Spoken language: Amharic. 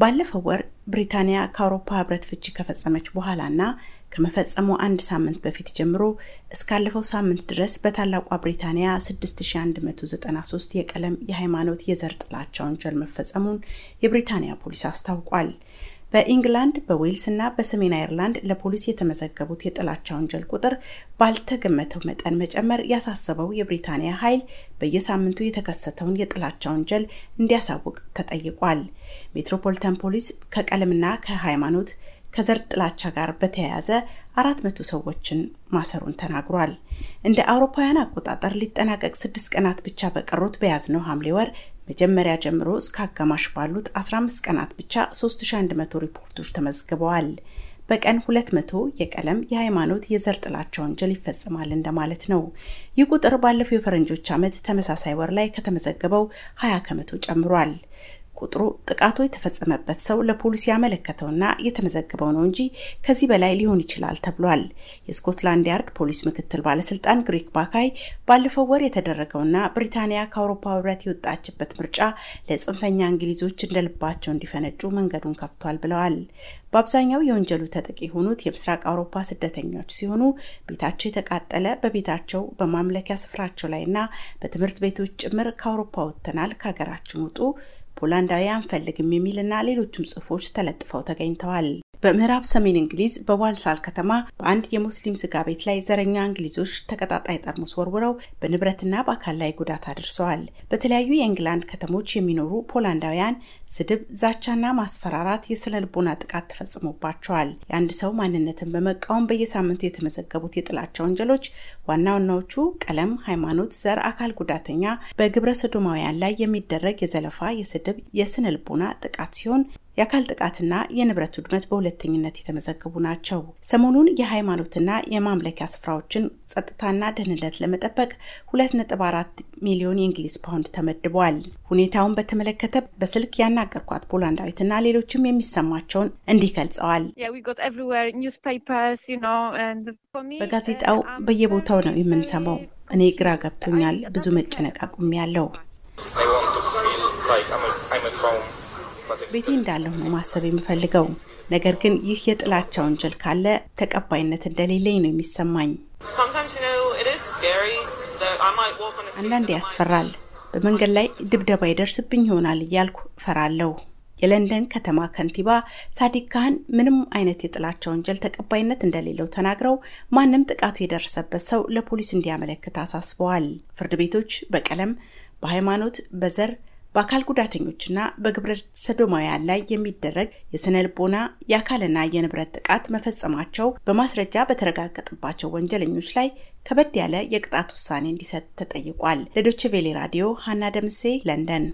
ባለፈው ወር ብሪታንያ ከአውሮፓ ህብረት ፍቺ ከፈጸመች በኋላና ከመፈጸሙ አንድ ሳምንት በፊት ጀምሮ እስካለፈው ሳምንት ድረስ በታላቋ ብሪታንያ 6193 የቀለም፣ የሃይማኖት፣ የዘር ጥላቻ ወንጀል መፈጸሙን የብሪታንያ ፖሊስ አስታውቋል። በኢንግላንድ በዌልስ እና በሰሜን አይርላንድ ለፖሊስ የተመዘገቡት የጥላቻ ወንጀል ቁጥር ባልተገመተው መጠን መጨመር ያሳሰበው የብሪታንያ ኃይል በየሳምንቱ የተከሰተውን የጥላቻ ወንጀል እንዲያሳውቅ ተጠይቋል። ሜትሮፖሊታን ፖሊስ ከቀለምና ከሃይማኖት ከዘር ጥላቻ ጋር በተያያዘ አራት መቶ ሰዎችን ማሰሩን ተናግሯል። እንደ አውሮፓውያን አቆጣጠር ሊጠናቀቅ ስድስት ቀናት ብቻ በቀሩት በያዝነው ሐምሌ ወር መጀመሪያ ጀምሮ እስከ አጋማሽ ባሉት 15 ቀናት ብቻ 3100 ሪፖርቶች ተመዝግበዋል። በቀን 200 የቀለም፣ የሃይማኖት፣ የዘር ጥላቻ ወንጀል ይፈጽማል እንደማለት ነው። ይህ ቁጥር ባለፈው የፈረንጆች ዓመት ተመሳሳይ ወር ላይ ከተመዘገበው 20 ከመቶ ጨምሯል። ቁጥሩ ጥቃቱ የተፈጸመበት ሰው ለፖሊስ ያመለከተውና የተመዘገበው ነው እንጂ ከዚህ በላይ ሊሆን ይችላል ተብሏል። የስኮትላንድ ያርድ ፖሊስ ምክትል ባለስልጣን ግሪክ ባካይ ባለፈው ወር የተደረገውና ብሪታንያ ከአውሮፓ ህብረት የወጣችበት ምርጫ ለጽንፈኛ እንግሊዞች እንደልባቸው እንዲፈነጩ መንገዱን ከፍቷል ብለዋል። በአብዛኛው የወንጀሉ ተጠቂ የሆኑት የምስራቅ አውሮፓ ስደተኞች ሲሆኑ ቤታቸው የተቃጠለ በቤታቸው በማምለኪያ ስፍራቸው ላይና በትምህርት ቤቶች ጭምር ከአውሮፓ ወጥተናል ከሀገራችን ውጡ ፖላንዳዊ አንፈልግም የሚልና ሌሎችም ጽሁፎች ተለጥፈው ተገኝተዋል። በምዕራብ ሰሜን እንግሊዝ በዋልሳል ከተማ በአንድ የሙስሊም ስጋ ቤት ላይ ዘረኛ እንግሊዞች ተቀጣጣይ ጠርሙስ ወርውረው በንብረትና በአካል ላይ ጉዳት አድርሰዋል። በተለያዩ የእንግላንድ ከተሞች የሚኖሩ ፖላንዳውያን ስድብ፣ ዛቻና ማስፈራራት የስነ ልቦና ጥቃት ተፈጽሞባቸዋል። የአንድ ሰው ማንነትን በመቃወም በየሳምንቱ የተመዘገቡት የጥላቻ ወንጀሎች ዋና ዋናዎቹ ቀለም፣ ሃይማኖት፣ ዘር፣ አካል ጉዳተኛ፣ በግብረ ሰዶማውያን ላይ የሚደረግ የዘለፋ፣ የስድብ፣ የስነ ልቦና ጥቃት ሲሆን የአካል ጥቃትና የንብረት ውድመት በሁለተኝነት የተመዘገቡ ናቸው። ሰሞኑን የሃይማኖትና የማምለኪያ ስፍራዎችን ጸጥታና ደህንነት ለመጠበቅ 2.4 ሚሊዮን የእንግሊዝ ፓውንድ ተመድቧል። ሁኔታውን በተመለከተ በስልክ ያናገርኳት ፖላንዳዊትና ሌሎችም የሚሰማቸውን እንዲህ ገልጸዋል። በጋዜጣው uh, um, በየቦታው ነው የምንሰማው። እኔ ግራ ገብቶኛል። ብዙ መጨነቅ አቁሜያለሁ። ቤቴ እንዳለሁ ነው ማሰብ የምፈልገው። ነገር ግን ይህ የጥላቻ ወንጀል ካለ ተቀባይነት እንደሌለኝ ነው የሚሰማኝ። አንዳንዴ ያስፈራል። በመንገድ ላይ ድብደባ ይደርስብኝ ይሆናል እያልኩ እፈራለሁ። የለንደን ከተማ ከንቲባ ሳዲቅ ካህን ምንም አይነት የጥላቻ ወንጀል ተቀባይነት እንደሌለው ተናግረው ማንም ጥቃቱ የደረሰበት ሰው ለፖሊስ እንዲያመለክት አሳስበዋል። ፍርድ ቤቶች በቀለም፣ በሃይማኖት፣ በዘር በአካል ጉዳተኞችና በግብረ ሰዶማውያን ላይ የሚደረግ የስነ ልቦና የአካልና የንብረት ጥቃት መፈጸማቸው በማስረጃ በተረጋገጠባቸው ወንጀለኞች ላይ ከበድ ያለ የቅጣት ውሳኔ እንዲሰጥ ተጠይቋል። ለዶችቬሌ ራዲዮ ሀና ደምሴ ለንደን